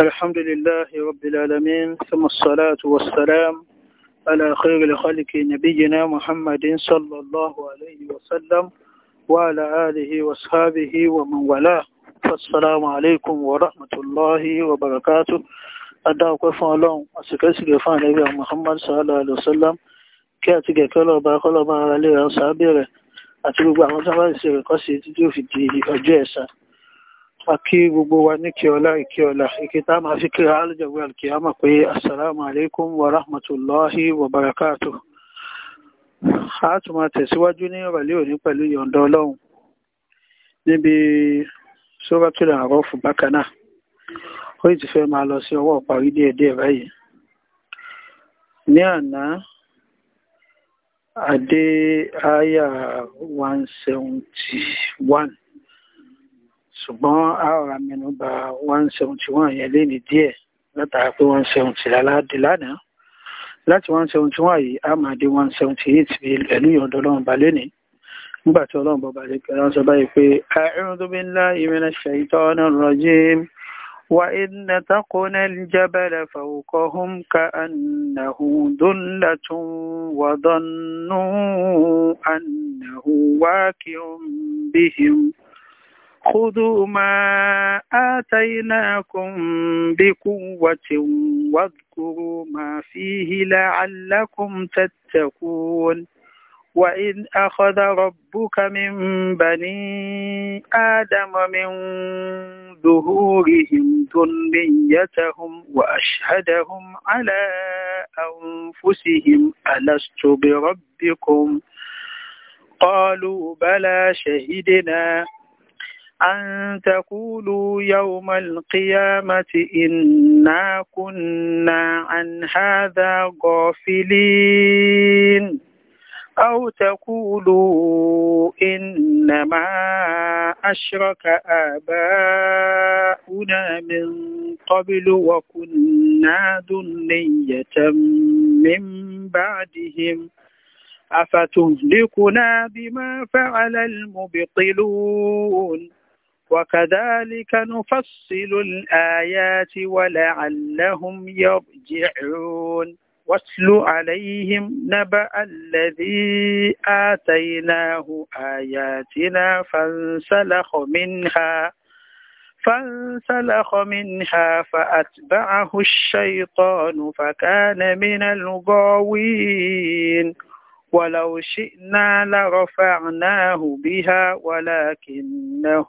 الحمد لله رب العالمين ثم الصلاة والسلام على خير الخلق نبينا محمد صلى الله عليه وسلم وعلى آله وصحابه ومن والاه فالسلام عليكم ورحمة الله وبركاته أدعوك فالله أسكسك فالنبي محمد صلى الله عليه وسلم كاتك كلابا كلابا عليه وصحابه أتلقى عمزة رئيسي قصي تدوفي الدين أجيسا akí gbogbo wa ní kí ọlá ìkí ọlá ìkítà máa fi kíra alìjọba alkiyama pé assalamu alaikum wa rahmatullahi wa barakatuh a tún máa tẹ̀síwájú ní ìrọ̀lẹ́ òní pẹ̀lú yọ̀ǹda ọlọ́run níbi suratul A'raf bákan náà ó ti fẹ́ máa lọ sí ọwọ́ parí díẹ̀díẹ̀ báyìí ní àná àdé àyà 171 ṣùgbọ́n a rọra mẹ́nu bà one seventy one yẹn léni díẹ̀ látara pé one seventy láládé lánàá láti one seventy one yìí a máa dé one seventy eight pẹ̀lú ìyọ̀ǹda ọlọ́run ba léni nígbà tí ọlọ́run bọba lè kẹ́ra sọ báyìí pé a'udhu billahi minash shaitanir rajim wa idh nataqna al-jabala fawqahum ka'annahu dhullatun wa dhannu annahu waqi'un bihim. خذوا ما آتيناكم بقوة واذكروا ما فيه لعلكم تتقون وإذ أخذ ربك من بني آدم من ظهورهم ذريتهم وأشهدهم على أنفسهم ألست بربكم قالوا بلى شهدنا أن تقولوا يوم القيامة إنا كنا عن هذا غافلين أو تقولوا إنما أشرك آباؤنا من قبل وكنا ذنية من بعدهم أفتهلكنا بما فعل المبطلون وكذلك نفصل الآيات ولعلهم يرجعون واتل عليهم نبأ الذي آتيناه آياتنا فانسلخ منها فانسلخ منها فأتبعه الشيطان فكان من الغاوين ولو شئنا لرفعناه بها ولكنه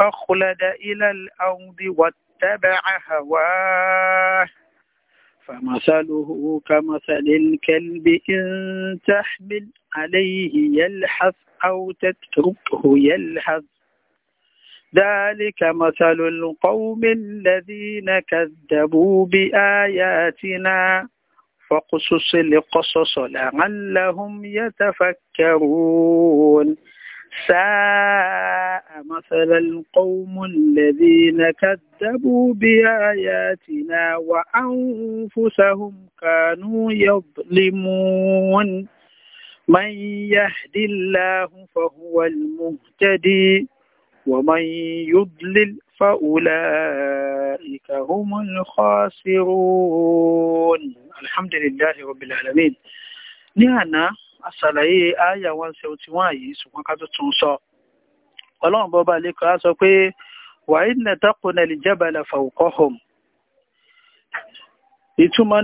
أخلد إلى الأرض واتبع هواه فمثله كمثل الكلب إن تحمل عليه يلحث أو تتركه يلحث ذلك مثل القوم الذين كذبوا بآياتنا فاقصص القصص لعلهم يتفكرون ساء مثل القوم الذين كذبوا بآياتنا وأنفسهم كانوا يظلمون من يهد الله فهو المهتدي ومن يضلل فأولئك هم الخاسرون alhamdulillahi rabbil alamin ní àná àṣàlàyé àyà 171 yìí ṣùgbọ́n ká tó tún sọ ọlọ́run bọ́ba lẹ́kọ̀ọ́ á sọ pé wàá ìnà taquna al-jabala fawqahum ìtumọ̀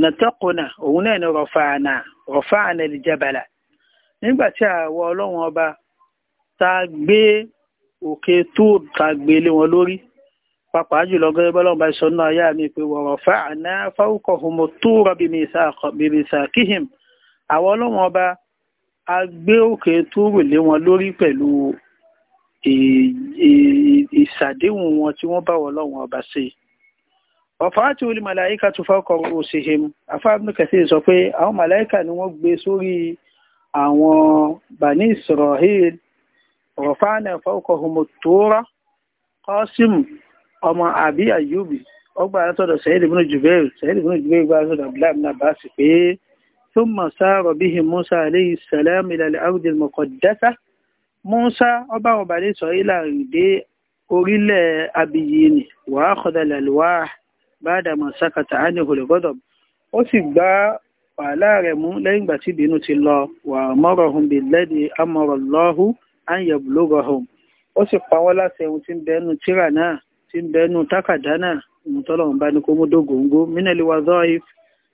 nàtẹ́kùnà òun náà ni rọ̀fàànà rọ̀fàànà ìjẹbàlà nígbà tí àwọ ọlọ́run ọba ta gbé òkè tó ta gbé lé wọn lórí pàápàá jùlọ gẹ́gẹ́ bọ́lá ọba ìṣọ́nà ayé mi pé wọ̀rọ̀ fà àná fáwọ́kọ̀ homo tó rọ bìbì sàkíhìm àwọn ọlọ́wọ́n ọba a gbé òkè túrù lé wọn lórí pẹ̀lú ìsàdéhùn wọn tí wọ́n bá wọ ọlọ́wọ́n ọba sí ọ̀fà àti olè màláìka tó fọ́kọ̀ òṣèhìm afáàmì kẹsì sọ pé àwọn màláìka ni wọ́n gbé sórí àwọn bani Israel ọ̀fà àná fáwọ́kọ̀ homo tó rọ kọ́sìmù ọmọ àbí àyùbí ọgbà àtọ̀dọ̀ sẹ́yìn ìbínú jùbẹ́rù sẹ́yìn ìbínú jùbẹ́rù gba àtọ̀dọ̀ abdullahi ibn abbas pé thumma sáárọ̀ bihi musa aleyhi salam ilal ardi al-muqaddasa musa ọba ọba ní sọ ilà ìdè orílẹ̀ abiyini wà á kọ́dà lẹ́lùwà ba'da ma sakata anhu al-ghadab ó sì gbá wàhálà rẹ̀ mú lẹ́yìn ìgbà tí ìbínú ti lọ wà amarahum billadhi amara Allahu an yablugahum ó sì pa láti ẹ̀hún tí ń bẹ́ẹ̀ nu tíra náà tí ń bẹnu tákàdá náà ìmútọ́lọ́run bá ní kó mú dógóńgó mínàlì wa zọ́ọ̀if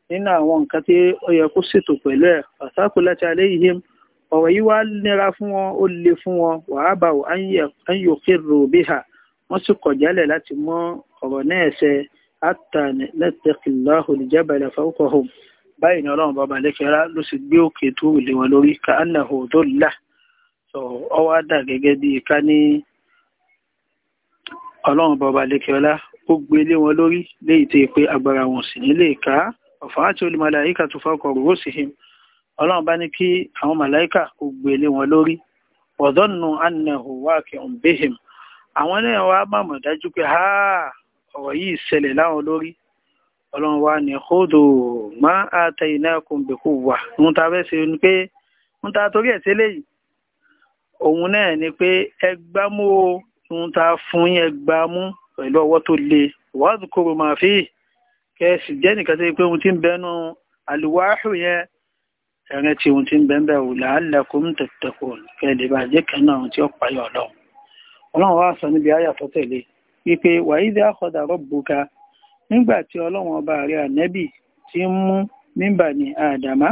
nínú àwọn nǹkan tí ó yẹ kó ṣètò pẹ̀lú ẹ̀ pàṣákò láti alẹ́ yìí ọ̀rọ̀ yìí wá nira fún wọn ó le fún wọn wàá bá wò áyòkè rò bí wọ́n sì kọ̀ jálẹ̀ láti mọ ọ̀rọ̀ náà ṣe àtàní lẹ́tẹ̀kìláhù ìjábàlẹ̀ fáwọ́kọ̀hùn báyìí ni ọlọ́run bàbá lẹ́kẹ̀ẹ́rá ló sì gbé òkè tó lè wọn lórí ká ánà tó là ọwọ́ á dà gẹ́gẹ́ bíi ká ní ọlọ́run bọba lẹ́kẹ́ọ́lá ó gbé lé wọn lórí léyìí tó yẹ pé agbára wọn sì nílé ká ọ̀fà àti olùmọ̀láyíkà tó fọ́kọ̀ rò ó sì hìm ọlọ́run bá ní kí àwọn màláíkà ó gbé lé wọn lórí ọ̀dọ́nù annahu waqi'un bihim àwọn náà wá mọ̀mọ̀ dájú pé ha ọ̀rọ̀ yìí ṣẹlẹ̀ láwọn lórí ọlọ́run wa ní kódò má atainakum biquwwa ń ta fẹ́ ṣe ni pé ń ta torí ẹ̀ ṣe léyìí òun náà ni pé ẹgbámú o ohun tá a fún yẹn gbá mú pẹ̀lú ọwọ́ tó le wàásù kòrò máa fi kẹ́ẹ̀sì jẹ́ nìkan sí pé ohun tí ń bẹnu àlùwáhù yẹn ẹ̀rẹ́ tí ohun tí ń bẹ́ẹ̀ wò làálẹ̀kùn tẹ̀tẹ̀kù kẹ́ẹ̀lẹ́ bá jẹ́ kan náà tí ó payọ̀ ọlọ́run ọlọ́run wá sọ níbi ayà tẹ̀lé wípé wàyí dé àkọ́dà rọ́bùkà nígbà tí ọlọ́run ọba rẹ̀ ànẹ́bì ti ń mú mímbà ní àdàmá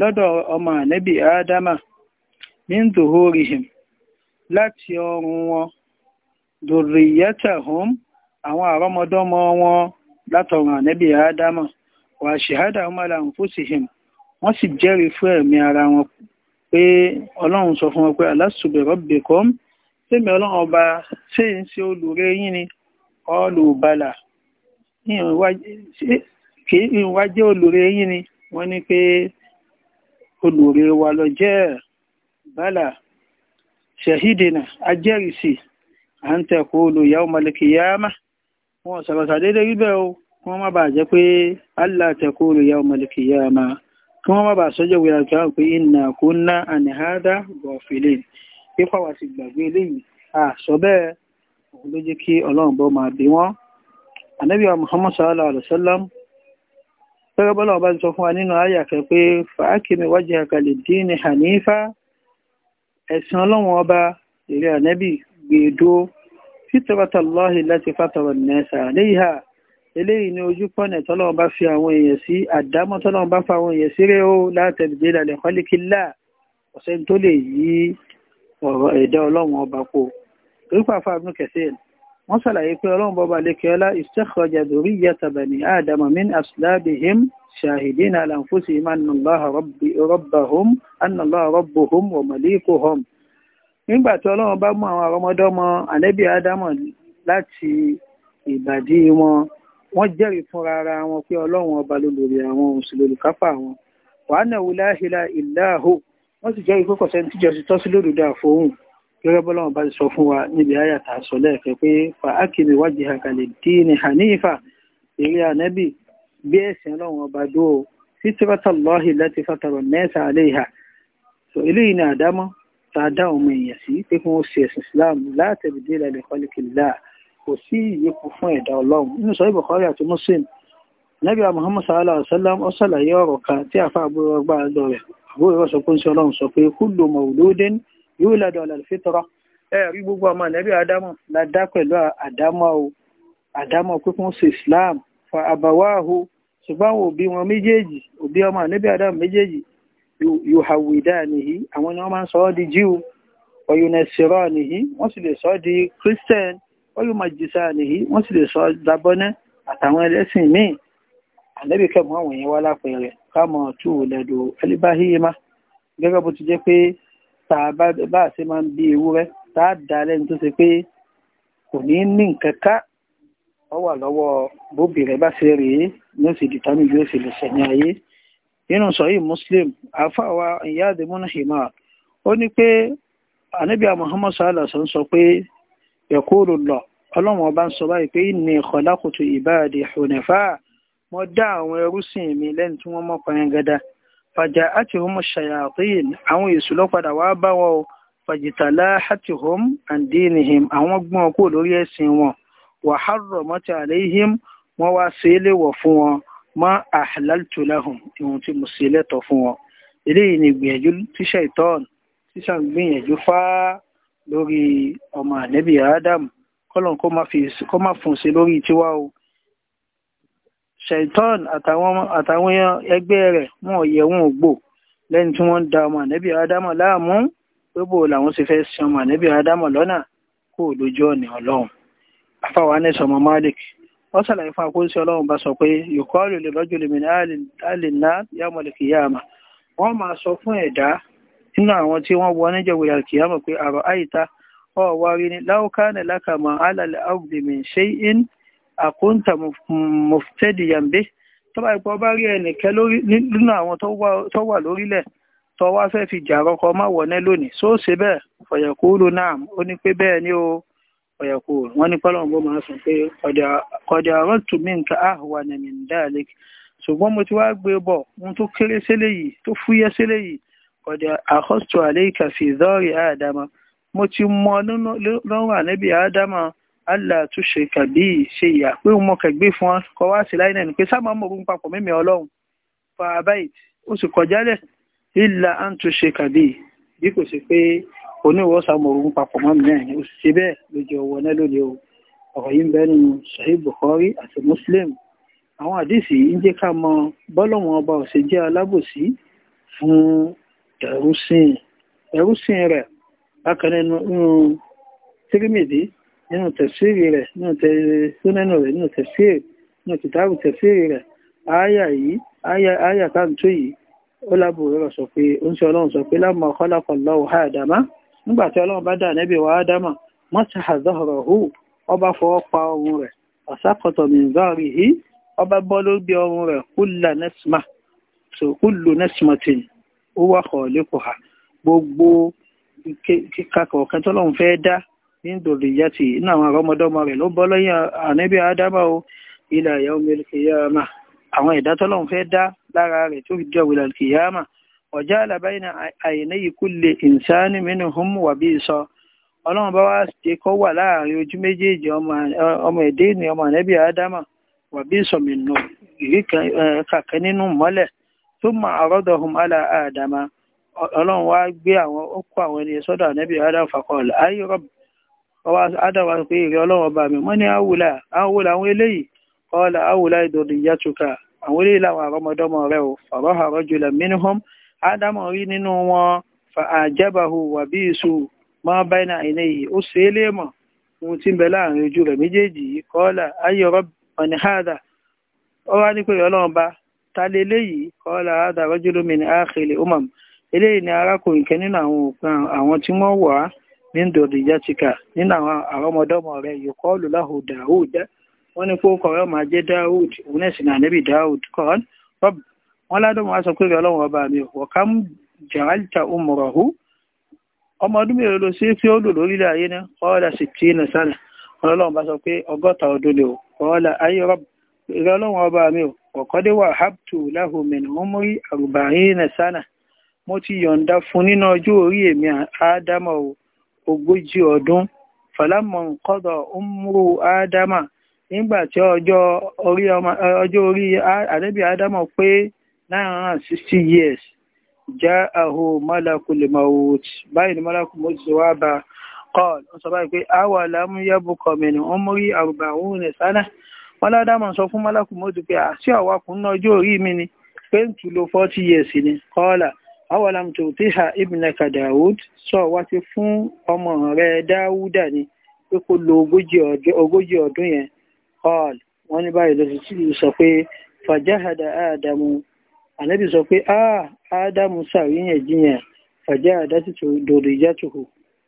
lọ́dọ̀ ọmọ ànẹ́bì àdàmà ní tòhórihìm láti ọrùn wọn durriyatahum àwọn àrọ́mọdọ́mọ wọn látọ̀run ànẹ́bì ádámà wà ṣèhádà ọmọlá anfusihim wọ́n sì jẹ́rìí fún ẹ̀mí ara wọn pé ọlọ́run sọ fún wọn pé alastu bi rabbikum sẹ́mi ọlọ́run ọba ṣé ń ṣe olùrẹ́ yín ni ọlùbalà kìí wá jẹ́ olùrẹ́ yín ni wọ́n ní pé olùrẹ́ wa lọ jẹ́ bàlà ṣẹ̀hídìnà ajẹ́rìsì à ń tẹ̀kú olù yawm al-qiyama wọn sọ̀rọ̀sà dédé rí bẹ́ẹ̀ o kí wọ́n má bàa pé allah tẹ̀kú olù yawm al-qiyama kí wọ́n má bàa sọ́jọ́ wíra jọ pé inna kunna an hadha ghafilin pípa wà sí gbàgbé eléyìí àṣọ bẹ́ẹ̀ òun ló jẹ́ kí ọlọ́run bọ́ máa bí wọ́n ànábì wa muhammad sallallahu alaihi wasallam fẹ́rẹ́ bọ́lá ọba sọ fún wa nínú àyà kan pé fàákìmí wajhaka lid-dini hanifa ẹ̀sìn ọlọ́run ọba èrè ànábì gbé dúró fitratallahi allati fatara an-nasa 'alayha eléyìí ni ojú pọ̀nà tọ́lọ́run bá fi àwọn èèyàn sí àdámọ́ tọ́lọ́run bá fa àwọn èèyàn sí rẹ̀ ó la tabdila li khalqillah ọ̀sẹ̀ tó lè yí ọ̀rọ̀ ẹ̀dá ọlọ́run ọba kó torípa fáàmù kẹsẹ̀ wọ́n ṣàlàyé pé ọlọ́run bọ́ba lẹ́kẹ́ọ́lá istakhraja dhurriyyata bani adama min aslabihim shahidina ala anfusihim nígbà tí ọlọ́run bá mú àwọn àrọmọdọ́mọ ànẹ́bí ádámọ̀ láti ìbàdí wọn wọ́n jẹ́rìí fúnra ara wọn pé ọlọ́run ọba lólórí àwọn òṣèlú kápá wọn wàá náà wò láhìlá ìláhò wọ́n sì jẹ́rìí pẹ́kọ̀ sẹ́ni tíjọ sí tọ́sí lódodo àfohùn gẹ́gẹ́ bọ́lọ́run bá ti sọ fún wa níbi àyàtà sọ lẹ́ẹ̀kẹ́ pé fa akimi wájì àkàlẹ̀ díìnì hanifa eré ànẹ́bì bí ẹ̀sìn ọlọ́run ọba dó fitratallahi láti fatarọ̀ nẹ́ẹ̀sà àléhà so eléyìí ni àdámọ́ tá a dá ọmọ èèyàn sí pé kí wọ́n ṣe ẹ̀sìn Islam látẹ̀bìdé ìlànà kọ́lékìlá kò sí ìyípo fún ẹ̀dá ọlọ́run nínú sọ Bukhari àti Muslim nabi Muhammad sallallahu alaihi wasallam ó ṣàlàyé ọ̀rọ̀ kan tí àfa àbúrò ọgbà lọ rẹ̀ àbúrò rẹ̀ sọ pé ń sọ ọlọ́run sọ pé kullu mauludin yuladu ala al-fitra ẹ rí gbogbo ọmọ nabi Adamu la dá pẹ̀lú o àdámọ́ pé kí wọ́n ṣe Islam fa abawahu ṣùgbọ́n òbí wọn méjèèjì òbí ọmọ nabi Adamu méjèèjì yuhawidanihi àwọn ni wọ́n máa ń sọ ọ́ di jíù wayunasiranihi wọ́n sì lè sọ ọ́ di christian wayumajisanihi wọ́n sì lè sọ ọ́ dabọ́nẹ́ àtàwọn ẹlẹ́sìn míì àlẹ́bí kẹ́mọ́ àwọn èèyàn wá lápẹẹrẹ káàmọ̀ tù lẹ́dọ̀ ẹlẹ́báhíyémá gẹ́gẹ́ bó ti jẹ́ pé tá a bá ṣe máa ń bí ewúrẹ́ tá a dá lẹ́nu tó ṣe pé kò ní ní nǹkan ká ọ wà lọ́wọ́ bóbì bá ṣe rèé ní ó sì dìtánù bí ó sì lè ayé nínú sọ̀yí muslim àfàwà ìyáàdì múnahìmá ó ní pé anábíà muhammad salasa ń sọ pé ẹ̀kúrò lọ ọlọ́run ọba ń sọ báyìí pé inni khalaqtu ibadi hunafa mo dá àwọn ẹrúsìn mi lẹ́nu tí wọ́n mọ̀ pẹ́yẹngẹ́dá fàjà àti homo shayatin àwọn èṣù ló wá bá wọn o fàjìtàlá àti hom àndínihim àwọn gbọ́n kú lórí ẹ̀sìn wọn wàhálà mọ́tì àléhìm wọ́n wá sí ilé wọ̀ fún wọn ma ahlaltu lahum ìhun tí mo ṣe lẹ́tọ̀ fún wọn eléyìí ni ìgbìyànjú tíṣà ìtọ́ọ̀nù tíṣà ń gbìyànjú fá lórí ọmọ ànẹ́bí adam kọ́lọ̀n kó má fún sí lórí tiwa o ṣèitọ́n àtàwọn ẹgbẹ́ rẹ̀ wọn ò yẹ wọn ò gbò lẹ́ni tí wọ́n ń da ọmọ ànẹ́bí adam láàmú gbogbo làwọn sì fẹ́ sin ọmọ ànẹ́bí adam lọ́nà kó lójú ọ̀nà ọlọ́run afáwa anẹ́sọ̀mọ́ malik wọ́n sàlàyé fún akóńsí ọlọ́run bá sọ pé yuqalu li rajulin min ahli an-nar yawm al-qiyamah wọ́n máa sọ fún ẹ̀dá nínú àwọn tí wọ́n wọ níjọba al-qiyamah pé àrọ̀ àyíta ọ̀wá ni law kana laka ma 'ala al-ardi min shay'in tó bá ipò bá rí ẹnìkẹ́ nínú àwọn tó wà lórílẹ̀ tó wá fẹ́ fi jà rọkọ má wọ̀nẹ́ ọ̀yẹ̀kú wọn ní pẹ́lú ọgbọ́n máa sùn pé kọ̀dẹ̀ ọ̀rọ̀ tù mí nǹkan àhùwà nàmì ń dáàlẹ́ ṣùgbọ́n mo ti wá gbé bọ̀ ohun tó kéré sílẹ̀ yìí tó fúyẹ́ sílẹ̀ yìí kọ̀dẹ̀ àkọ́sùtò àlẹ́ ìkàfì ìdọ́rẹ̀ àdámà mo ti mọ lọ́rùn ànẹ́bí àdámà Allah tún ṣe kàbí ṣe ìyà pé mo kẹ̀gbé fún ọ kọ wá sí láì nẹ́ni pé sábà mọ̀ orun papọ̀ mímì ọlọ́run fa abáyìí ó sì kọjálẹ̀ ìlà à ń tún ṣe kàbí bí kò sí pé oníwọ̀ọ́sà mọ̀rún papọ̀ mọ́ mi náà ó ṣe bẹ́ẹ̀ lójú ọwọ́ náà lónìí o ọ̀rọ̀ yìí ń bẹ nínú Sahih Bukhari àti Muslim àwọn àdìsí ń jẹ́ ká mọ bọ́lọ̀wọ̀n ọba ò ṣe jẹ́ alábòsí fún ẹrúsìn ẹrúsìn rẹ̀ bákan nínú tírímìdì nínú tẹ̀síìrì rẹ̀ nínú tẹ̀síìrì rẹ̀ nínú tẹ̀síìrì nínú tìtàbù tẹ̀síìrì rẹ̀ ááyà yìí ááyà táǹtó yìí ó lábò rẹ̀ sọ pé ó ń sọ ọlọ́run sọ pé lámọ̀ ọ̀kọ́lápọ̀ lọ́wọ́ àdàmá nígbàtí ọlọ́run bá dà nẹ́bí wa ádámà mọ́sàá zọ́rọ̀ hù ọba fọwọ́ pa ọrùn rẹ̀ ọ̀sákọ̀tọ̀ mìíràn yìí ọba bọ́ ló gbé rẹ̀ kúlà nẹ́sìmà so kúlù nẹ́sìmà tì ó wà kọ̀ lẹ́kọ̀ọ́ ha gbogbo kíkà kọ̀ọ̀kan tọ́lọ́run fẹ́ dá ní dòrò ìyá tì ní àwọn àrọ́mọdọ́mọ rẹ̀ ló bọ́ lẹ́yìn ànẹ́bí ádámà o ilẹ̀ àyà omi kìyàmà àwọn ìdá fẹ́ dá lára rẹ̀ tó fi jẹ́ òwìlà ọ̀jáàlá báyìí na àìníyí kúlẹ̀ ìnsáni mínú hum wà sọ ọlọ́run bá wá ṣe kọ́ wà láàrin ojú méjèèjì ọmọ èdè ní ọmọ ànẹ́bí ádámà wà sọ mínú ìrí kàkẹ́ nínú mọ́lẹ̀ tó mọ àrọ́dọ̀ hum alá ádámà ọlọ́run wá gbé àwọn ó àwọn ènìyàn sọ́dọ̀ ádámà ayé ọwọ́ ádámà pé ọlọ́run mi wọ́n ní àwọn eléyìí àwùlà ìdòdì àwọn eléyìí làwọn àrọ́mọdọ́mọ ádámù rí nínú wọn fa àjẹbàhù wà bí ìṣù mọ́ báyìí o yìí ó ṣe é léèmọ̀ ohun tí ń bẹ láàrin ojú rẹ̀ méjèèjì yìí kọ́ọ́là ayé ọ̀rọ̀ ọ̀nì háàdà ó wá ní pé ọlọ́run ta lé léyìí kọ́ọ́là háàdà rọ́júlù min áàkìlì umam eléyìí ni arákùnrin nínú àwọn òpin àwọn tí wọ́n wà á ní nínú àwọn àrọ́mọdọ́mọ láhù wọ́n ní kó kọ̀ọ̀rọ̀ máa wọ́n ládùn wá sọ pé rẹ̀ ọlọ́run ọba mi wọ̀ká mú jàrálítà umrahu ọmọ ọdún mélòó ló ṣe é ó lò lórílẹ̀ ayé náà ọ̀ọ́dà sì tí ọlọ́run bá sọ pé ọgọ́ta ọdún lè ọ̀ọ́dà ayé rẹ̀ ọlọ́run ọba mi ọ̀kọ́dé wà sana mo ti yọ̀ǹda fún nínú ọjọ́ orí èmi ogójì láàárín years já àhó malakul maut báyìí ni malakul maut ti wá bá kọ́ọ̀lù ó sọ báyìí pé àwa lámú yẹ́bùkọ̀ mẹ́nu ó mórí àrùbà òun rẹ̀ sánà wọn ládàmọ̀ sọ fún malakul maut pé àti àwakùn náà ọjọ́ orí mi ni pé ń tù lo years ni kọ́ọ̀lù awalam tó tí ha ibnaka dawud sọ wá sí fún ọmọ rẹ dáwúdà ni pé kó lo ogójì ọdún yẹn kọ́ọ̀lù wọn ní báyìí lọ sí sọ pé fàjáhàdà ádámù ànẹ́bì sọ pé ah ádámù sàríyàn jiyàn fàjá àdásìtò dòdò ìjátòkò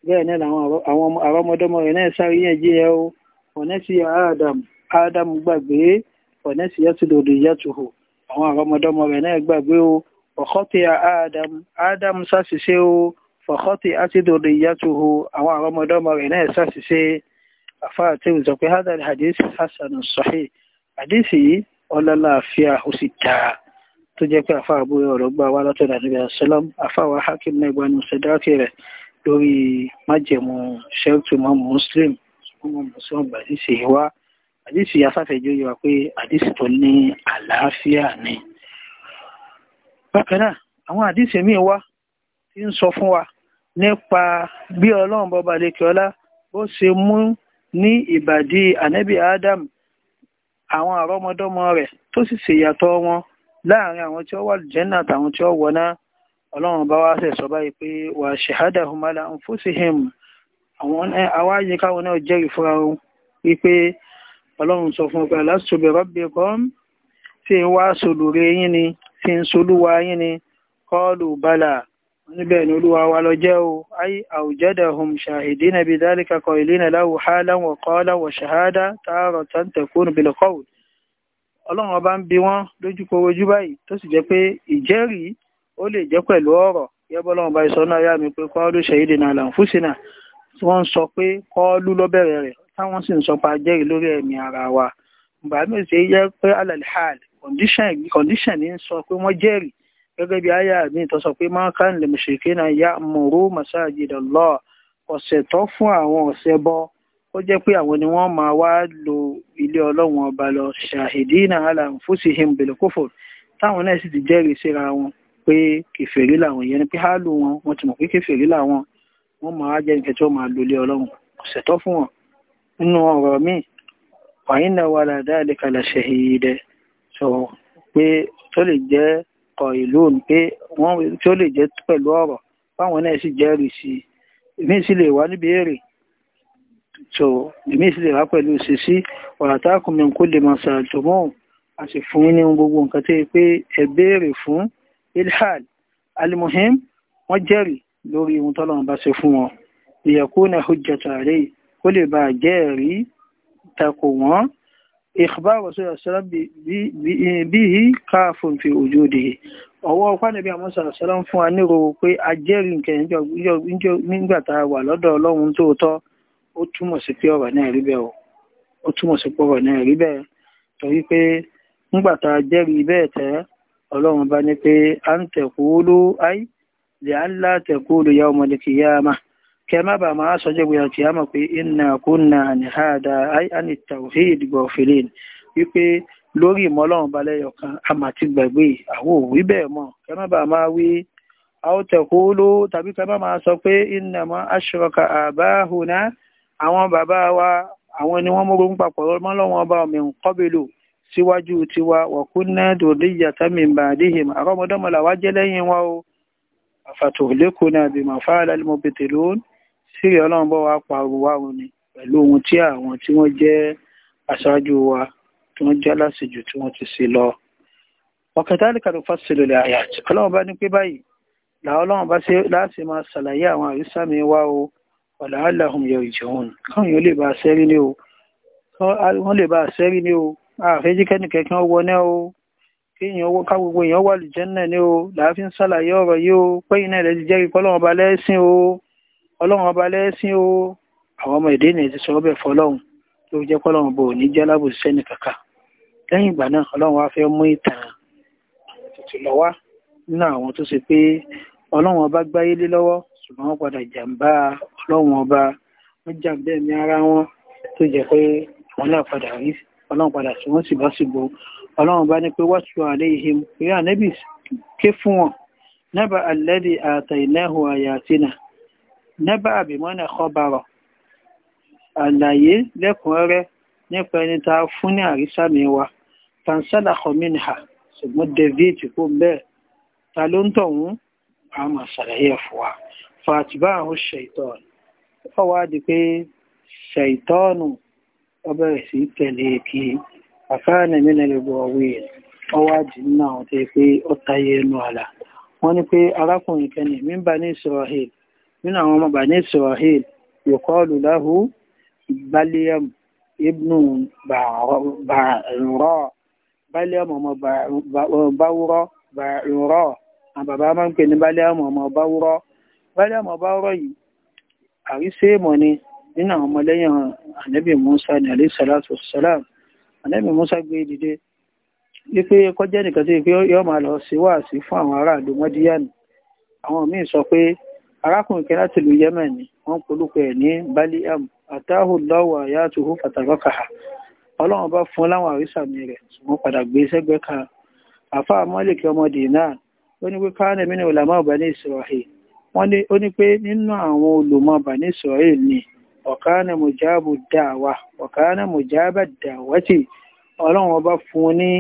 bẹ́ẹ̀ náà àwọn àrọ́mọdọ́mọ rẹ̀ náà sàríyàn jiyàn o ọ̀nẹ́ sí ádámù ádámù gbàgbé ọ̀nẹ́ sí yàtò dòdò ìjátòkò àwọn àrọ́mọdọ́mọ rẹ̀ náà gbàgbé o ọ̀kọ́tì ádámù ádámù sàṣìṣe o fọ̀kọ́tì àti dòdò ìjátòkò àwọn àrọ́mọdọ́mọ rẹ̀ náà sàṣìṣe àfáà tí ó sọ pé hadal hadith hasan sahih hadith yìí ọlọ́lá àfíà ó sì dáa tó jẹ́ pé àfa àbúrò ọ̀rọ̀ gbà wá látọ̀dà níbi àṣẹlọ́m àfa wa hakim náà ìgbà nùsẹ̀ dáàkì rẹ̀ lórí májẹ̀mú shelter mọ́ muslim mọ́ muslim gbà ní ṣe wá àdìsí afáfẹ́jọ́ yẹ wa pé àdìsí tó ní àlàáfíà ni. bákan náà àwọn àdìsí míì wá ti ń sọ fún wa nípa bí ọlọ́run bọba lẹ́kẹ́ọ́lá bó ṣe mú ní ìbàdí ànábì adam àwọn àrọ́mọdọ́mọ rẹ̀ tó sì ṣèyàtọ̀ wọn láàrin àwọn tí ó wà jẹ́nà àtàwọn tí ó wọná ọlọ́run bá wá sẹ̀ sọ báyìí pé wà ṣèhádà humala ń fún sí him àwọn awáyé káwọn náà jẹ́rìí fúnra wọn wípé ọlọ́run sọ fún ọgbà lásìtòbẹ̀ rọ́bì kan tí ń wá solùre yín ni tí ń solúwa yín ni kọ́ọ̀lù bala níbẹ̀ ni olúwa wa lọ jẹ́ o ayé àwùjẹ́dà hum ṣàhìdí nàbí dálíkà kọ ìlú nàláwù hálà wọ̀kọ́ọ́lá wọ̀ ṣàhádà tààrọ̀ tàǹtẹ̀kùn bìlẹ̀kọ́wù ọlọ́run ọba ń bi wọ́n lójúkorojú báyìí tó sì jẹ́ pé ìjẹ́rìí ó lè jẹ́ pẹ̀lú ọ̀rọ̀ yẹ́bọ́lọ́run báyìí sọ náà yá mi pé kọ́ọ́lù ṣẹ̀yìndínà làǹfùsínà tí wọ́n ń sọ pé kọ́ọ́lù lọ́bẹ̀rẹ̀ rẹ̀ táwọn sì ń sọ pa jẹ́rìí lórí ẹ̀mí ara wa bàmí ṣe yẹ pé alalihal condition ní sọ pé wọ́n jẹ́rìí gẹ́gẹ́ bí aya mi tó sọ pé máa kàn lè mùsùlùmí náà yá mùrú masajidallah ọ̀sẹ̀ tó fún àwọn ọ̀sẹ̀ bọ́ ó jẹ́ pé àwọn ni wọ́n máa wá lo ilé ọlọ́run ọba lọ ṣàhìdínà ala anfusihim bilkufur táwọn náà sì ti jẹ́rìí síra wọn pé kèfèrí làwọn yẹn ni pé hálù wọn wọn ti mọ̀ pé kèfèrí làwọn wọn máa jẹ́ nǹkan tí wọ́n máa lo ilé ọlọ́run kò ṣẹ̀tọ́ fún wọn nínú ọ̀rọ̀ míì wàyín náà wà ládàá àdékalà ṣèhìdẹ sọ̀rọ̀ pé tó lè jẹ́ kọ̀ ìlú òun pé wọ́n tó lè jẹ́ pẹ̀lú ọ̀rọ̀ báwọn náà sì jẹ́rìí sí i ìmí sì lè wá níbi èrè so èmi sì lè wá pẹ̀lú ṣíṣí ọ̀rọ̀ táàkùn mi kó lè máa ṣàtòmọ́ a sì fún ní gbogbo nǹkan tó yẹ pé ẹ béèrè fún ilhal almuhim wọ́n jẹ́rìí lórí ohun tọ́lọ́run bá ṣe fún wọn ìyẹ̀kúnà hujjata alayhi kó lè bá jẹ́rìí takò wọ́n ìkbá wàsó àṣírá bíi káàfún fi òjòdè ọwọ́ pánàbí àmọ́sà àṣírá fún wa nírò pé a jẹ́rìí nǹkan nígbà wà lọ́dọ̀ ọlọ́run tóótọ́ ó túmọ̀ sí pé ọ̀rọ̀ náà rí bẹ́ẹ̀ o ó túmọ̀ sí pé ọ̀rọ̀ náà rí bẹ́ẹ̀ torí pé tá a jẹ́rìí bẹ́ẹ̀ tẹ́ ọlọ́run bá ní pé à ń tẹ̀kú ló áì lè á ńlá tẹ̀kú ló yá ọmọdé kì yá máa kẹ má bàa máa kì pé iná ní àdá áì á ní tàwí lórí ìmọ̀ ọlọ́run a ti gbàgbé bẹ́ẹ̀ mọ̀ kẹ má bàa máa wí tẹ̀kú ló tàbí kẹ má sọ pé àwọn bàbá wa àwọn ni wọ́n mógún papọ̀ mọ́ lọ́wọ́n ọba min qabilu síwájú tiwa wa kunna dhurriyyatan min ba'dihim àrọ́mọdọ́mọlà wá jẹ́ lẹ́yìn wa o àfàtòlékùnà bima fa'ala al-mubtilun sírí ọlọ́run bọ́ wa pàrọ̀ wá òun ni pẹ̀lú ohun tí àwọn tí wọ́n jẹ́ aṣáájú wa tí wọ́n jẹ́ aláṣejù tí wọ́n ti ṣe lọ. ọ̀kẹ́tàlíkà ló fà sílò lè àyà ọlọ́run bá ní pé báyìí làwọn ọlọ́run bá ṣe láti máa ṣàlàyé àwọn àrísàmì wa o ọ̀là aláhùn yọ ìjọun káwọn yóò lè bá sẹ́rí ní o wọ́n lè bá sẹ́rí ní o àfẹ́jíkẹ́ni kẹ̀kẹ́ ọwọ́ náà o kéèyàn owó ká gbogbo èèyàn wà lùjẹ́nà ní o láàfin ṣàlàyé ọ̀rọ̀ yìí o pẹ́yìn náà lẹ́ti jẹ́rìí pé ọlọ́run ọba lẹ́sìn o ọlọ́run ọba lẹ́sìn o àwọn ọmọ èdè ènìyàn ti sọ ọbẹ̀ fọlọ́run tó jẹ́ pọ́lọ́run bò ní jẹ́ lábòsíṣẹ́ ní kàkà lẹ́yìn ìgbà náà ọlọ́run wá fẹ́ mú ìtàn tuntun lọ nínú àwọn tó ṣe pé ọlọ́run ọba gbáyé lé lọ́wọ́ ṣùgbọ́n wọ́n padà jàǹbá lọ́wọ́n ọba wọ́n jà bẹ́ẹ̀ ní ara wọn tó jẹ́ pé wọ́n náà padà rí ọlọ́run padà sí wọ́n sì bọ́ sí bo ọlọ́run bá ní pé wọ́n tún àlẹ́ ìhìm pé ànẹ́bì ké fún wọn nẹ́bà alẹ́dì àtàìnáhù àyàtínà nẹ́bà àbìmọ́nà kọbàrọ̀ àlàyé lẹ́kùnrẹ́rẹ́ nípa ẹni ta fún ní àrísàmì wa tansala kọmínà ṣùgbọ́n david kò bẹ́ẹ̀ ta ló ń tọ̀hún àwọn àṣàlàyé ẹ̀fọ́ wa fàtìbá àwọn ṣètọ́ọ̀nù ó wá di pé ṣàìtọ́nù ó bẹ̀rẹ̀ sí tẹ̀lé kí àfáàní mílẹ̀ gbọ̀wé ó wá di nínú àwọn tẹ́ pé ó tayé ẹnu àlà wọ́n ní pé arákùnrin kẹni min bani Israel nínú àwọn ọmọ bani Israel yuqalu lahu Baliyam ibnu Ba'ura Baliyam ọmọ Ba'ura Ba'ura àwọn máa ń pè ní Baliyam ọmọ Ba'ura Baliyam ọmọ Ba'ura yìí àríṣèmọ̀ ni nínú àwọn ọmọlẹ́yìn ànẹ́bì Musa ní alẹ́ sàlátù ànẹ́bì Musa gbé dìde wípé kọjá nìkan sí pé yọ ma lọ sí wáàsí fún àwọn aráàlú mọ́díyàní àwọn míì sọ pé arákùnrin kan lu Yemen ni wọ́n polúkọ ẹ̀ ní Baliam atahu lọ́wọ́ ọlọ́run bá fún láwọn rẹ̀ ṣùgbọ́n padà gbé e sẹ́gbẹ́ kan mọ́lìkì ọmọdé náà ó ní pé wọ́n ní ó ní pé nínú àwọn olùmọ̀ bani israel ni ọ̀kánà mùjáàbù dáwà ọ̀kánà mùjáàbà dáwàtì ọlọ́run ọba fún un ní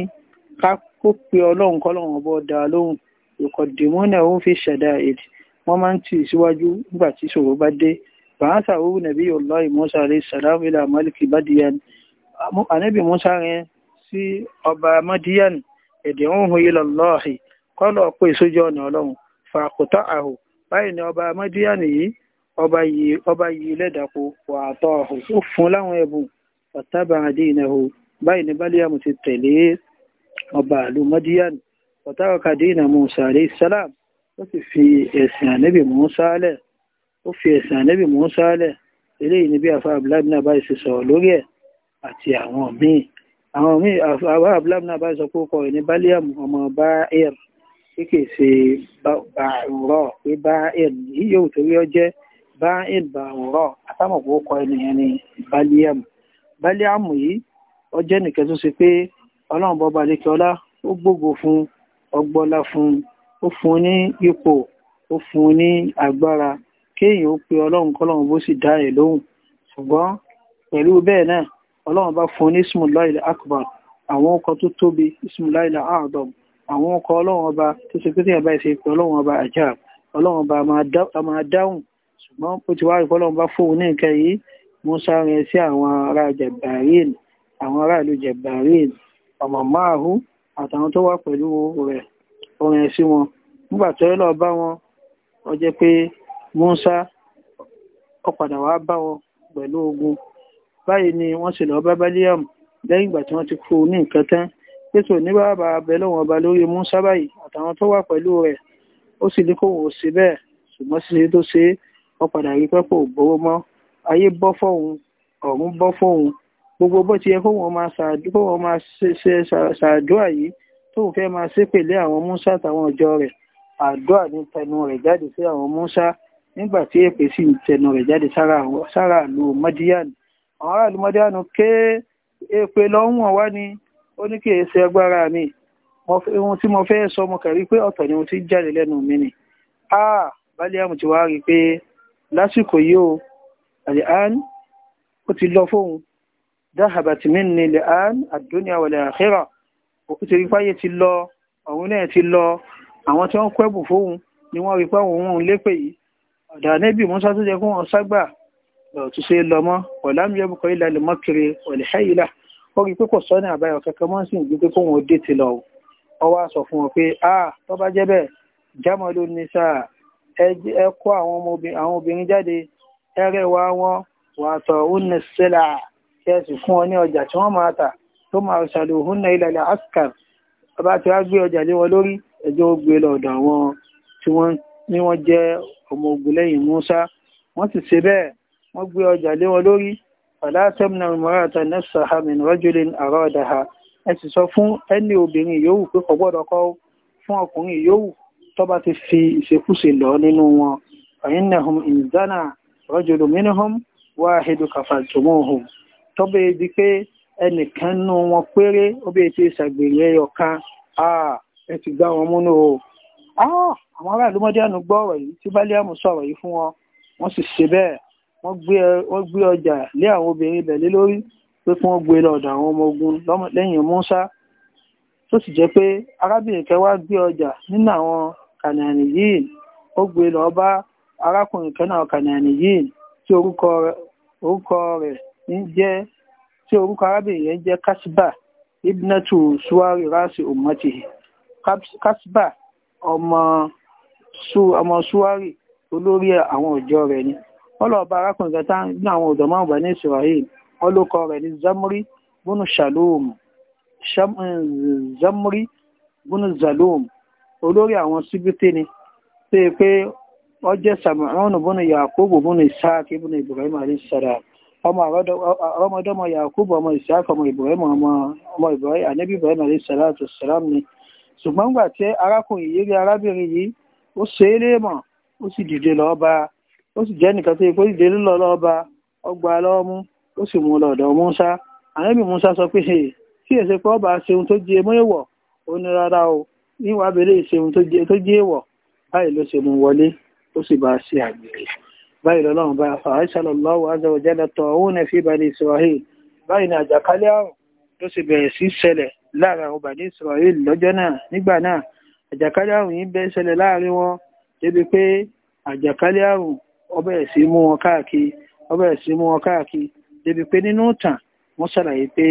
kákó pé ọlọ́run kọ́lọ́run ọba dá lóhùn ìkọ̀dìmọ́nà òun fi ṣẹ̀dá èdè wọ́n máa ń tì síwájú nígbà tí ìṣòro bá dé bàásà òwú nàbí ọlọ́ọ̀ ìmọ̀sá rẹ̀ sàdáwì ilà málìkì bàdíyàn ànábì mọ́sá rẹ̀ sí ọba mádíyàn èdè òun ìlọlọ́ọ̀hì kọ́lọ̀ pé sójú ọ̀nà ọlọ́run fàkùtà àhù báyìí ni ọba mọ́díyà nìyí ọba yìí ọba yìí lẹ́dàkọ wà àtọ́ ọ̀hún ó fún láwọn ẹ̀bùn ọ̀tábà àdínàhù báyìí ni bálíàmù ti tẹ̀lé ọba àlú mọ́díyà ọ̀táwọ̀ kàdínà Musa alayhi salam ó sì fi ẹ̀sìn ànẹ́bì Musa lẹ̀ ó fi ẹ̀sìn ànẹ́bì Musa lẹ̀ eléyìí ni bí afa abdulhamid náà báyìí ṣe sọ̀rọ̀ lórí ẹ̀ àti àwọn míì àwọn míì afa abdulhamid náà báyìí sọ pé ó kọ ẹ̀ bálíàmù ọmọ bá ẹ̀rù tí kìí ṣe bàrọ̀ pé bá ẹ̀ yíyóò torí ọ jẹ́ bá ẹ̀ bàrọ̀ àtàmọ̀pọ̀ kọ ẹnìyẹn ni baliam baliam yìí ọ jẹ́ nìkan tó ṣe pé ọlọ́run bọ́ba adékọ́lá ó gbógo fún ọgbọ́lá fún ó fún ní ipò ó fún ní agbára kéèyàn ó pe ọlọ́run kọ́lọ́run bó sì dá ẹ̀ lóhùn ṣùgbọ́n pẹ̀lú bẹ́ẹ̀ náà ọlọ́run bá fún ní ismullahi akbar àwọn ọkọ̀ tó tóbi ismullahi a'dham àwọn ọkọ̀ ọlọ́run ọba tó ṣe pé tí ẹ̀bá ìṣe pé ọlọ́run ọba àjà ọlọ́run ọba a máa dáhùn ṣùgbọ́n ó ti wá rí ọlọ́run bá fóun ní nǹkan yìí musa rìn sí àwọn ará jẹ̀bàrín àwọn aráàlú jẹ̀bàrín ọmọ márùn àtàwọn tó wà pẹ̀lú rẹ̀ orin sí wọn nígbà tó yẹ lọ́ọ́ bá wọn ó jẹ́ pé musa ó padà wá bá wọn pẹ̀lú ogun báyìí ni wọ́n sì lọ́ọ́ bá bálíàmù lẹ́yìn ìgbà tí wọ́n ti kú ní nǹkan tán pèsè ní bàbá abẹ́lọ́wọ̀n ọba lórí Musa báyìí àtàwọn tó wà pẹ̀lú rẹ̀ ó sì ní kò wò sí bẹ́ẹ̀ ṣùgbọ́n ṣíṣe tó ṣe wọ́n padà rí pẹ́pọ̀ ògbówó mọ́ ayé bọ́ fóun ọ̀run bọ́ fóun gbogbo bó ti yẹ kó wọn máa ṣàdúrà yìí tóun fẹ́ máa ṣépèlé àwọn Musa àtàwọn ọjọ́ rẹ̀ àdúrà ní tẹnu rẹ̀ jáde sí àwọn Musa nígbà tí èpè sì ń tẹnu rẹ̀ jáde sára àlù Madian àwọn aráàlú Madian ké èpè lọ́wọ́n wá ni ó ní kí èyí ṣe agbára mi ohun tí mo fẹ́ sọ mo kàn rí pé ọ̀tọ̀ ni mo ti jáde lẹ́nu mi ni ah baliam ti wá rí i pé lásìkò yìí o àlẹ́ án ó ti lọ fóun dáhàbàtì mí ni lẹ́ án àdúnyà wàlẹ̀ àkhírà òkú ti rí fáyé ti lọ ọ̀run náà ti lọ àwọn tí wọ́n kẹ́bù fóun ni wọ́n rí fáwọn òun lépè yìí ọ̀dà nẹ́bì musa tó jẹ́ kó wọn ságbà lọ́ọ̀tún ṣe lọ mọ́ ọ̀làmúyẹ́bùkọ́ ìlàlẹ̀ mọ́kiri ọ̀lẹ́hẹ́yìlá ó rí i pé kò sọ́nà àbáyọ kankan mọ́ sí ìgbé pé kóun ó dé ti lọ ọ wá sọ fún wọn pé a tó bá jẹ́ bẹ́ẹ̀ jámọ́lú ní sáà ẹ kó àwọn obìnrin jáde ẹrẹ wa wọn wàá tọ̀ òun ní sílà kí ẹ sì fún ọ ní ọjà tí wọ́n máa tà tó máa ṣàlò òun náà ilẹ̀ askar bá ti wá gbé ọjà lé wọn lórí ẹjọ́ ó gbé lọ àwọn tí wọ́n ní wọ́n jẹ́ ọmọ ogun lẹ́yìn Musa wọ́n sì ṣe bẹ́ẹ̀ wọ́n gbé ọjà lé wọn lórí fàlá tẹ́mìnà mọ́ràtà nẹ́sàá min rajulin àrọ́ọ̀dáha ẹ sì sọ fún ẹni obìnrin yòówù pé kò gbọ́dọ̀ kọ́ fún ọkùnrin yòówù tó bá ti fi ìṣekúṣe lọ nínú wọn fa'innahum in zana rajulun minhum wahidu kafaltumuhum tó bẹ́ẹ̀ di pé ẹnìkan nú wọn péré ó bẹ́ẹ̀ ti ṣàgbèrè ọ̀kan ẹ ti gbá wọn múnú o àwọn aráàlú mọ́díánù gbọ́ ọ̀rọ̀ yìí tí bá lé yìí fún wọn wọ́n sì ṣe bẹ́ẹ̀ wọ́n gbé ọjà lé àwọn obìnrin ibẹ̀ lórí pé kí wọ́n gbé lọ àwọn ọmọ ogun lẹ́yìn Musa tó sì jẹ́ pé arábìnrin kan wá gbé ọjà nínú àwọn kànáàní yìí ó gbé lọ bá arákùnrin kan náà kànáàní yìí tí orúkọ rẹ̀ ń jẹ́ tí orúkọ arábìnrin yẹn jẹ́ kásíbà ibnatu suwari rasi umati kásíbà ọmọ suwari olórí àwọn ọjọ́ rẹ̀ ni ọlọ́ọ̀bá arákùnrin kẹta ní àwọn ọ̀dọ́ máa wà ní israel wọ́n rẹ̀ ní zamri bunu shalom eh, zamri bunu zalom olórí àwọn síbítì ni pé pé wọ́n jẹ́ samuel bunu yakubu bunu isaac bunu ibrahim alayhi salam ọmọ ọmọdọ́mọ yakubu ọmọ isaac ọmọ ibrahim ọmọ ibrahim anabi ibrahim alayhi salatu salam ni ṣùgbọ́n gbà tí arákùnrin yìí rí arábìnrin yìí ó ṣe é léèmọ̀ ó sì dìde lọ́ọ́ bá a ó sì jẹ́ nìkan tó yẹ ìdílé lọ lọ́ba ọgbà ó sì mú sọ pé ọba ṣeun tó ó o níwàá bèrè ṣeun tó jẹ báyìí ló ṣe mú wọlé ó sì bá a ṣe àgbèrè báyìí lọ́lọ́run bá fàáṣà lọ́wọ́ azọ̀jẹ́lẹ̀ tọ̀ òun nẹ̀ fi bani Israel báyìí ní àjàkálẹ̀ àrùn tó sì bẹ̀rẹ̀ sí ṣẹlẹ̀ láàrin àwọn bani Israel lọ́jọ́ náà nígbà náà àjàkálẹ̀ àrùn yìí bẹ́ ṣẹlẹ̀ láàrin ọbẹ̀ sí mú wọn káàkiri ọbẹ̀ sí mú wọn káàkiri débi pé nínú ìtàn wọ́n ṣàlàyé pé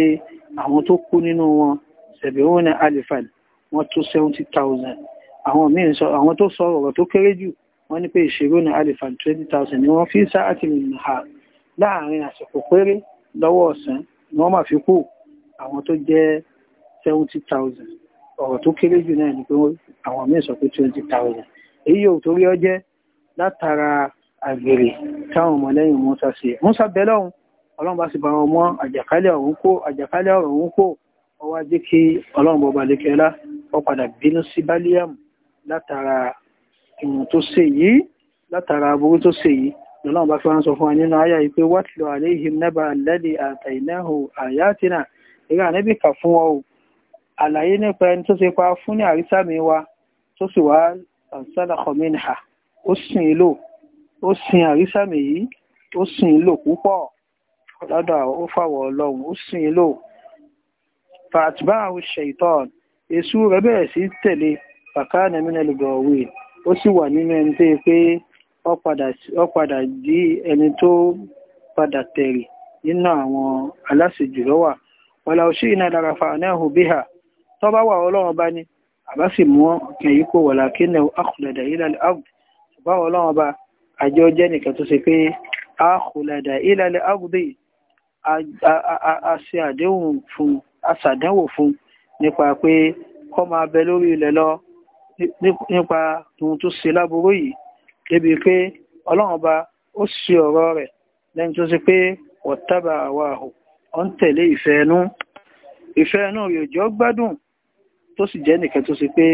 àwọn tó kú nínú wọn sẹ̀bẹ̀wọ́n ní alifan wọ́n tó seventy thousand àwọn míì sọ àwọn tó sọ ọ̀rọ̀ tó kéré jù wọ́n ní pé ìṣirò ní alifan twenty thousand ni wọ́n fi ń sá àtìlẹ́yìn ha láàrin àsìkò péré lọ́wọ́ ọ̀sán ni wọ́n máa fi kú àwọn tó jẹ́ seventy thousand ọ̀rọ̀ tó kéré jù náà ni pé àwọn míì sọ pé twenty thousand èyí yóò torí ọ látara àgbèrè táwọn ọmọlẹ́yìn Musa ṣe Musa bẹ̀lẹ̀ ọ̀hún ọlọ́run bá sì bá wọn mọ́ àjàkálẹ̀ ọ̀hún kó àjàkálẹ̀ ọ̀rọ̀ ọ̀hún kó ọwọ́ ajé kí ọlọ́run bọba lẹ́kẹ́lá ó padà bínú sí Baliam látara ìwọ̀n tó ṣe yìí látara aburú tó ṣe yìí lọ́lọ́run bá fi wọ́n sọ fún wa nínú àyà yìí pé watlu alayhim naba alladhi atainahu ayatina eré ànábì kà fún ọ àlàyé nípa ẹni tó ṣe pa fún ní àrísàmì wa tó sì wá sansalakha minha ó sìn ín lò ó sin àrísàmì yìí ó sìn ín lò púpọ̀ lọ́dọ̀ ó fàwọ̀ ọlọ́run ó sìn ín lò fàtìbá àwọn ṣèitọ́n èṣù rẹ̀ bẹ̀rẹ̀ sí tẹ̀lé bàkánà mínẹ́lì gọ̀ọ̀wé ó sì wà nínú ẹni tó yẹ pé ó padà di ẹni tó padà tẹ̀rì nínú àwọn aláṣejù lọ́wà wọlá òṣì iná dára fa anáhùn tó bá wà ọlọ́run bá ní àbá sì mú ọkàn yìí kó wọ̀lá kí ní àkùnlẹ̀dà yìí lálẹ́ àbù ṣùgbọ́n bá àjọ jẹ́ nìkan tó ṣe pé a kòlàdà ìlàlẹ̀ àbúdé a fún a ṣàdánwò fún nípa pé kọ́ máa bẹ lórí ilẹ̀ lọ nípa ohun tó ṣe láburú yìí débi pé ọlọ́run ọba ó ṣe ọ̀rọ̀ rẹ̀ lẹ́ni tó ṣe pé wọ̀tábà àwa àhò ọ ń tẹ̀lé ìfẹ́ ẹnu ìfẹ́ gbádùn tó sì jẹ́ nìkan tó ṣe pé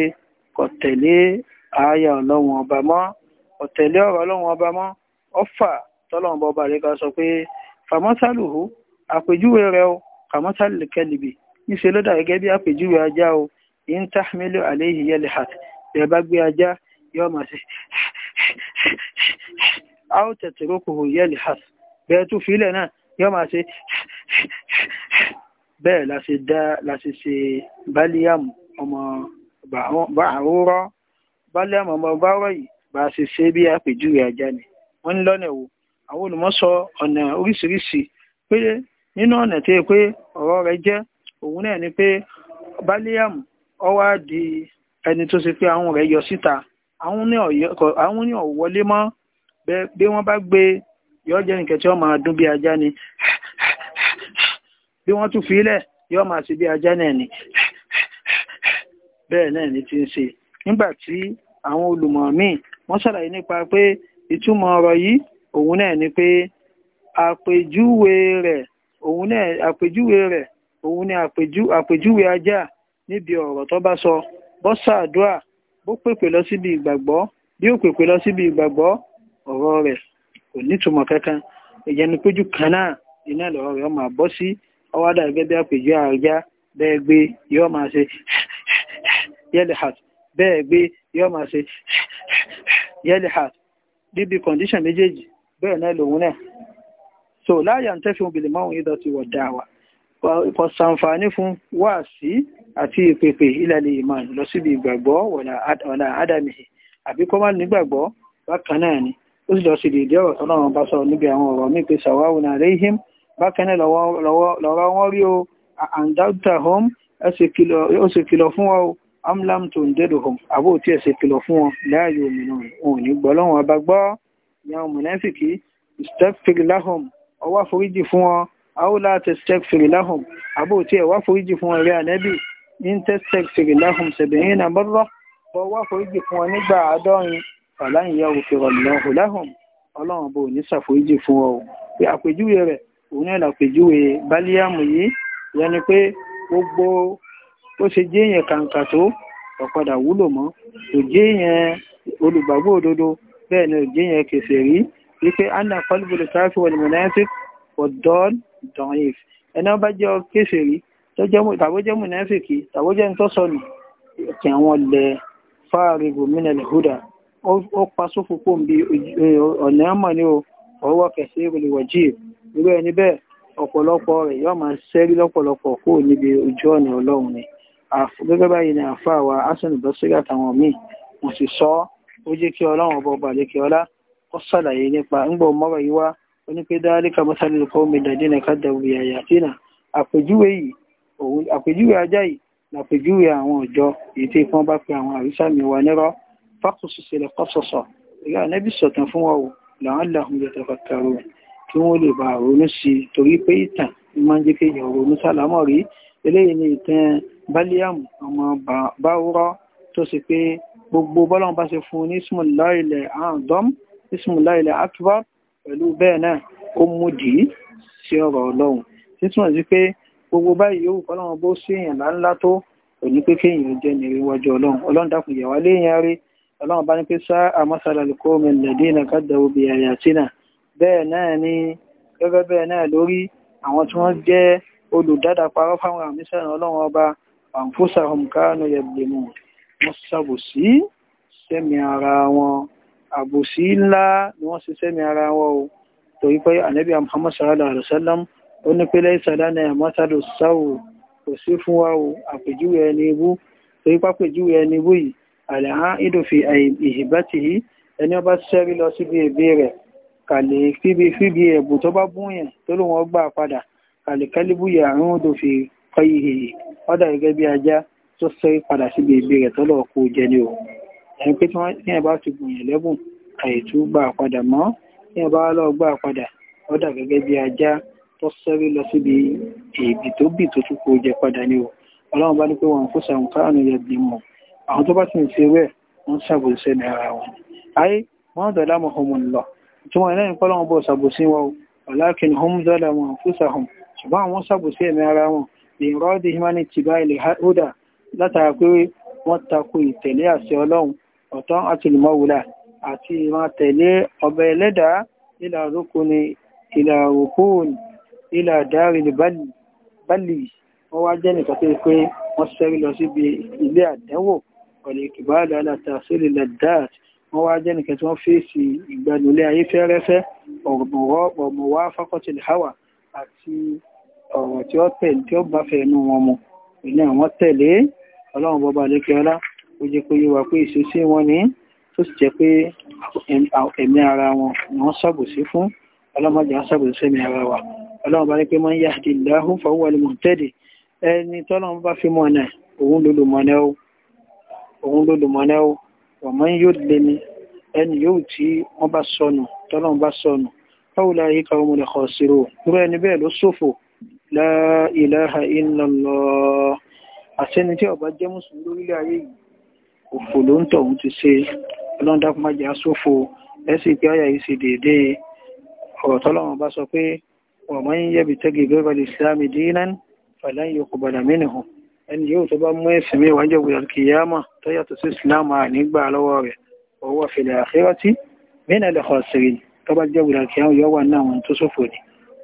kò tẹ̀lé ààyà ọlọ́run ọba mọ́ ọ̀tẹ̀lé ọ̀rọ̀ ọlọ́run ọba mọ́ ọ̀fà tọ́lọ́run bọba rẹ̀ ká sọ pé fàmọ́sálùhù àpèjúwe rẹ̀ o kàmọ́sálù kẹlìbì níṣẹ́ ló dà gẹ́gẹ́ bí àpèjúwe ajá o in tahmilu alayhi yalhat bẹ̀ bá gbé ajá yóò máa ṣe a ó tatrukuhu yalhat bẹ́ẹ̀ tún fílẹ̀ náà yóò máa ṣe bẹ́ẹ̀ láti dá láti ṣe bálíàmù ọmọ bàárọ̀ bálíàmù ọmọ bàárọ̀ yìí bá a ṣe ṣe bí àpèjúwe ajá ni wọ́n ní lọ́nà wo àwọn olùmọ̀sọ ọ̀nà oríṣiríṣi pé nínú ọ̀nà tó yẹ pé ọ̀rọ̀ rẹ̀ jẹ́ òun náà ni pé Baliam ó wá di ẹni tó ṣe pé àwọn rẹ̀ yọ síta àwọn ní ọ̀wọ́lé mọ́ bí wọ́n bá gbé yọ jẹ́ nìkẹ́ tí wọ́n máa dún bí ajá ni bí wọ́n tún fi yọ máa ṣe bí ajá náà ni bẹ́ẹ̀ náà ni ti ń ṣe nígbà tí àwọn olùmọ̀ míì wọ́n ṣàlàyé nípa pé ìtumọ̀ ọ̀rọ̀ yìí òun náà ni pé àpèjúwe rẹ̀ òun náà àpèjúwe rẹ̀ òun ni àpèjúwe ajá níbi ọ̀rọ̀ tó bá sọ bó ṣàdúà bó pèpè lọ síbi ìgbàgbọ́ bí ó pèpè lọ síbi ìgbàgbọ́ ọ̀rọ̀ rẹ̀ kò nítumọ̀ kankan ìyẹnipéjú kan náà iná lọ̀rọ̀ rẹ̀ máa bọ́ sí ọwádà gẹ́gẹ́ bí àpèjúwe ajá bẹ́ẹ̀ gbé yóò máa ṣe yẹ́lẹ̀ hàt bẹ́ẹ̀ gbé yóò máa ṣe yẹlìhà bíbi kọ̀ndíṣàn méjèèjì bẹ́ẹ̀ náà lòun náà so láyà ń tẹ́fì obìnrin máa ń yídọ̀ ti wọ̀ dá wa kò sàǹfààní fún wáàsí àti ìpèpè ìlàlẹ̀ ìmọ̀ lọ síbi ìgbàgbọ́ wọ̀nà ádámìhì àbí kó má nígbàgbọ́ bákan náà ni ó sì lọ sí ìdí ọ̀rọ̀ tọ́nà wọn bá sọ níbi àwọn ọ̀rọ̀ míì pé sàwáwùn àríhìm bákan náà lọ́wọ́ wọn rí o àǹdáùtà home ó sì kìlọ̀ fún wa o amlam tó ń dẹ́dùn hàn àbó tí ẹ̀ ṣe kìlọ̀ fún wọn láàyò òmìnira wọn ò ní gbọ́ lọ́wọ́n ọba gbọ́ ìyá mùnáfìkì istagfir lahum ọwọ́ àforíjì fún wọn aola testagfir lahum àbó tí ẹ̀ wá foríjì fún wọn rí ànẹ́bì in testagfir lahum sẹ̀bẹ̀yìn náà bọ́rọ̀ bọ́ wá foríjì fún wọn nígbà àádọ́rin fàlàyìn yà òfin ọ̀lọ́hùn lahum ọlọ́run bò ní ṣàforíjì fún wọn o pé àpèjúwe rẹ̀ òun náà ó ṣe jẹ́ èèyàn kàǹkà tó ọ̀padà wúlò mọ́ kò jẹ́ èèyàn olùgbàgbọ́ òdodo bẹ́ẹ̀ ni òjé yẹn kèsè rí wípé anna kọlùbùlù káfí wọn mùnáfík ọ̀dọ́n dọ̀nyìf ẹni ọba jẹ́ kèsè rí tàbójẹ́ mùnáfíkì tàbójẹ́ ń tọ́sọ̀nù kí àwọn lẹ fáàrìbù mínàlì húdà ó pa sófò pò ń bi ọ̀nà àmọ́ ni ó ọwọ́ kẹsì ìrìnwọ̀jì irú ẹni bẹ́ẹ̀ ọ̀pọ̀lọpọ̀ rẹ̀ yóò máa ṣẹ́rí lọ́pọ̀lọpọ̀ kúrò níbi ojú ọ̀nà ọlọ́run ni gẹ́gẹ́ báyìí ni àfáà wa asan ìbọ́sírí àtàwọn míì wọ́n sì sọ ó jẹ́ kí ọlọ́run ọba ọba àlékè ọlá ó ṣàlàyé nípa ń gbọ́ mọ́rọ̀ yìí wá ó ní pé dáríkà mọ́sálẹ̀ kọ́ mi dàdí ní kádàrú yàyà tínà àpèjúwe yìí òun àpèjúwe ajá yìí làpèjúwe àwọn ọjọ́ èyí tí wọ́n bá pe àwọn àrísà mi wà nírọ́ fákùsù sílẹ̀ kọ́sọ̀sọ̀ ìyá nẹ́bí sọ̀tàn fún wọn o làwọn làwọn yóò tẹ̀fà kàrò kí wọ́n lè bá ronú sí i torí pé eléyìí ni ìtàn Baliam ọmọ báwúrọ́ tó sì pé gbogbo bọ́lọ́n bá ṣe fún ní ismùláìlẹ̀ àádọ́m ismùláìlẹ̀ akbar pẹ̀lú bẹ́ẹ̀ náà ó mú dì í sí ọ̀rọ̀ ọlọ́run títún sí pé gbogbo báyìí yóò kọ́lọ́run bó sí èèyàn láńlá tó kò ní pé kéèyàn jẹ́ ní iwájú ọlọ́run ọlọ́run ni gẹ́gẹ́ bẹ́ẹ̀ náà lórí olùdádà parọ́ fáwọn àmì sẹ́ràn ọlọ́run ọba àǹfóṣàhùn káánù yẹ̀bùlẹ̀mù wọ́n ṣàbòsí sẹ́mi ara wọn àbòsí ńlá ni wọ́n ṣe sẹ́mi ara wọn o torí pé ànábì Muhammad sallallahu alaihi wasallam ó ní pé lẹ́yìn sàdá náà mọ́tàdó sáwò kò sí fún wa o àpèjúwe ẹni àlìkálíbù yàrún odò fi kọ́ ihe yìí ọ̀dà gẹ́gẹ́ bí ajá tó sọ padà sí bèbè rẹ̀ tọ́lọ̀ kó jẹ ní o ẹni pé tí wọ́n ní ẹ̀bá ti gbìyàn lẹ́bùn àìtú gbà padà mọ́ ní ẹ̀bá lọ gbà padà ọ̀dà gẹ́gẹ́ bí ajá tó sẹ́rí lọ síbi èbì tó bì tó tún kó jẹ padà ní o ọlọ́run bá ní pé wọ́n fún sàǹkáàánú yẹ bí mọ̀ àwọn tó bá ti ń ṣe rẹ̀ wọ́n ṣàbòsẹ́ ní wọn ayé wọ́n dọ̀lá mọ̀ ọmọ lọ tí wọ́n ẹlẹ́yìn pọ́lọ́wọ́n bọ̀ ṣàbòsí wọn ọ̀lákin hum zọ́lá mọ̀ fún ṣùgbọ́n àwọn sàbòsí ẹ̀mí ara wọn lè rọ́ di himani tìbá ilẹ̀ hódà látara pé wọ́n tako ìtẹ̀lé àṣẹ ọlọ́run ọ̀tán àti lùmọ́wùlà àti ìmọ̀ tẹ̀lé ọba ẹlẹ́dàá ìlà rúkúni ìlà rúkúni ìlà dárí bálì wọ́n wá jẹ́ nìkan tó pé wọ́n sẹ́rí lọ síbi ilé àdánwò ọ̀lẹ̀ ìkìbáàlà alátàsílẹ̀ ladat wọ́n wá jẹ́ nìkan ìgbàlùlẹ̀ ayé fẹ́rẹ́fẹ́ ọ̀gbọ̀wọ́ ọ̀mọ̀wá fákọ̀tìlẹ̀ àti ọ̀rọ̀ tí ó tẹ̀lé tí ó bá fẹ́ inú wọn mu ìní àwọn tẹ̀lé ọlọ́run bọba lẹ́kẹ́ọ́lá ó jẹ́ pé yíwa pé ìṣesí wọn ní tó sì jẹ́ pé ẹ̀mí ara wọn ni wọ́n ṣàbòsí fún ọlọ́mọdé wọn ṣàbòsí sẹ́mi ara wa ọlọ́run bá ní pé man yahdillahu fahuwa al-muhtadi ẹni tọ́lọ́run bá fi mọ̀nà òun lólùmọ̀nà o òun lólùmọ̀nà o wa man yudlil ẹni yóò tí wọ́n bá sọnù tọ́lọ́run bá sọnù fa ulaika humul khasirun irú ẹni bẹ́ẹ̀ ló ṣòfò la ilaha illallah àṣẹni tí ọba jẹ́ mùsùlùmí lórílẹ̀ ayé yìí òfò ló ń tọ̀hún ti ṣe ọlọ́ndàkùnmájẹ́ asófo ẹ̀sìn pé àyà yìí ṣe dédé ọ̀rọ̀ tọ́lọ́wọ́n bá sọ pé ọmọ yìí yẹ́bi tẹ́gì gẹ́gẹ́ islam dínan falan yuqbala minhu ẹni yóò tó bá mú ẹ̀sìn mi wájú ìwé alkiyama tó yàtọ̀ sí islam nígbà lọ́wọ́ rẹ̀ ọwọ́ fil akhirati min al khasirin tó bá jẹ́ ìwé alkiyama yọ wà náà wọn tó ṣòfò ni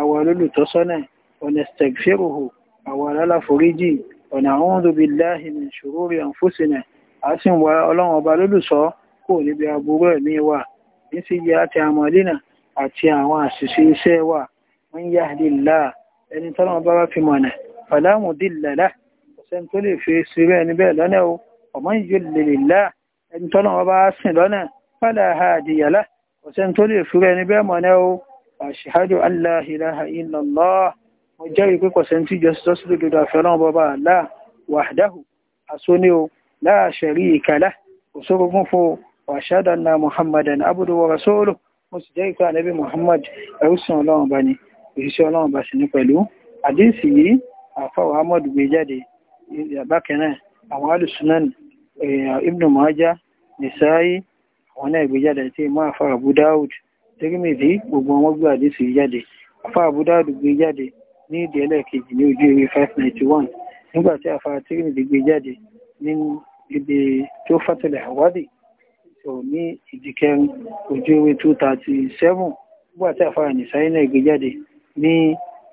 àwa lólùtọ́sọ́nà ونستغفره àwàrà láforíjì ọ̀nà a'udhu billahi min shururi anfusina a sì ń wá ọlọ́run ọba lólùsọ́ kò níbi aburú ẹ̀mí wa ní sí yẹ àti àmọ́línà àti àwọn àṣìṣe iṣẹ́ wa man yahdillah ẹni tọ́lọ́run bá bá fi mọ̀nà fala mudilla lahu ọ̀sẹ́ni tó lè fi ṣeré ẹni bẹ́ẹ̀ lọ́nà o wa man yudlilillah ẹni tọ́lọ́run bá sìn lọ́nà fala hadiya lahu tó lè fi ẹni bẹ́ẹ̀ mọ̀nà o àṣìhádù aláhìláha ìlàlá mo jẹ́rìí pé kọ̀sẹ̀ntì jọ́sí lọ́sí lódodo àfẹ́ràn bọ́bá àlá wàhdáhù àsóní o láàṣẹ̀rí ìkàlá òṣòrògùn fún wàṣádà na muhammadan abudu wa rasulu mo sì jẹ́rìí pé ànábì muhammad ẹrúsìn ọlọ́run bá ní òṣìṣẹ́ ọlọ́run bá sì ní pẹ̀lú àdínsì yìí àfọwọ́ ahmad gbé jáde bákan náà àwọn alùsùnán eh, ibnu maja nisa'i àwọn tẹ́rìmìdì gbogbo wọn gbé àdísì jáde afá àbúdáàdù gbé jáde ní ìdí ẹlẹ́ẹ̀kejì ní ojú ewé 591 nígbà tí afá tẹ́rìmìdì gbé jáde ní ibi tó fàtẹ̀lẹ̀ àwádì tó ní ìdí kẹrin ojú ewé 237 nígbà tí afá nìsáyé náà gbé jáde ní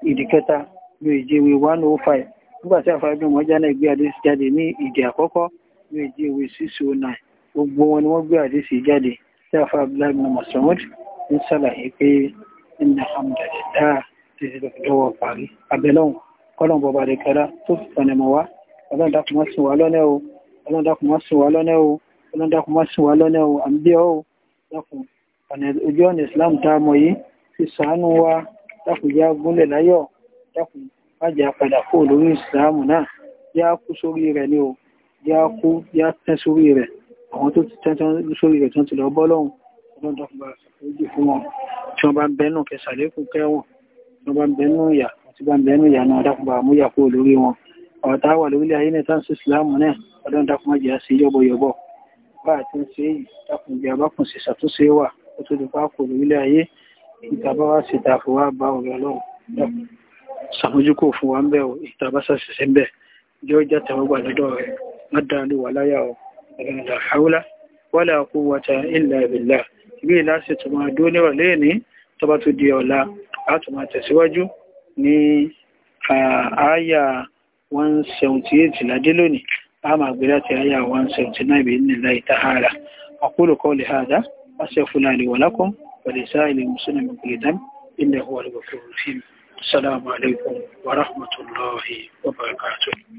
ìdí kẹta ní ìdí ewé 105 nígbà tí afá bí mọ́já náà gbé àdísì jáde ní ìdí àkọ́kọ́ ní ìdí ewé 609 gbogbo wọn ni wọ́n gbé àdísì jáde tí afá abdullahi bin masoud ń ṣàlàyé pé inna hamdalillah títí lọ́wọ́ parí abẹ́lọ́hùn kọ́lọ̀n bọba lè kẹ́lá tó fi tọ́nẹ̀mọ̀ wá ọlọ́run dákun má sìn lọ́nà o ọlọ́run dákun má sìn wá lọ́nà o ọlọ́run dákun má sìn wá lọ́nà o à ń bí ọ́ dákun ojú ọ̀nà islam tá a mọ̀ yìí ti ṣàánú wa dákun yá gúnlẹ̀ láyọ̀ dákun má jẹ́ padà o yá kú ọlọ́dọ̀gbà ìjì fún wọn tí wọ́n bá ń bẹ́nù kẹsàlékù kẹwọ̀n tí wọ́n bá ń bẹ́nù ìyà àti bá ń bẹ́nù ìyà náà dákùnbà àmúyà kó lórí wọn ọ̀tá wà lórílẹ̀ ayé ní tánṣí ìsìláàmù náà ọdún dákùnmá jẹ́ sí yọ́bọ̀yọ́bọ̀ bá àti ń ṣe yìí dákùn bí abákùn sí ṣàtúnṣe wà ó tó di bá kó lórílẹ̀ ayé ìtàbá wá sí ìtàfù wá bá ọ̀rẹ́ ọlọ́run ṣàmójúkò fún wa ń bẹ̀ ò ìtàbá ṣàṣìṣe ń bẹ̀ jẹ́ ọjà tẹ̀wọ́gbà lọ́dọ̀ rẹ̀ má dáa ní wàláyà ọ̀ ọ̀rẹ́ ìlà haúlá wala quwwata illa bí ìlà sì tún máa dó nírọ̀lẹ́ ní tó bá tún di ọ̀la a tún máa tẹ̀síwájú ní àáyà 178 ládé lónìí a máa gbé láti àáyà 179 bí nílá ìtahàrà أقول قولي هذا أستغفر الله لي ولكم ولسائر المسلمين من كل ذنب إنه عليكم ورحمة الله وبركاته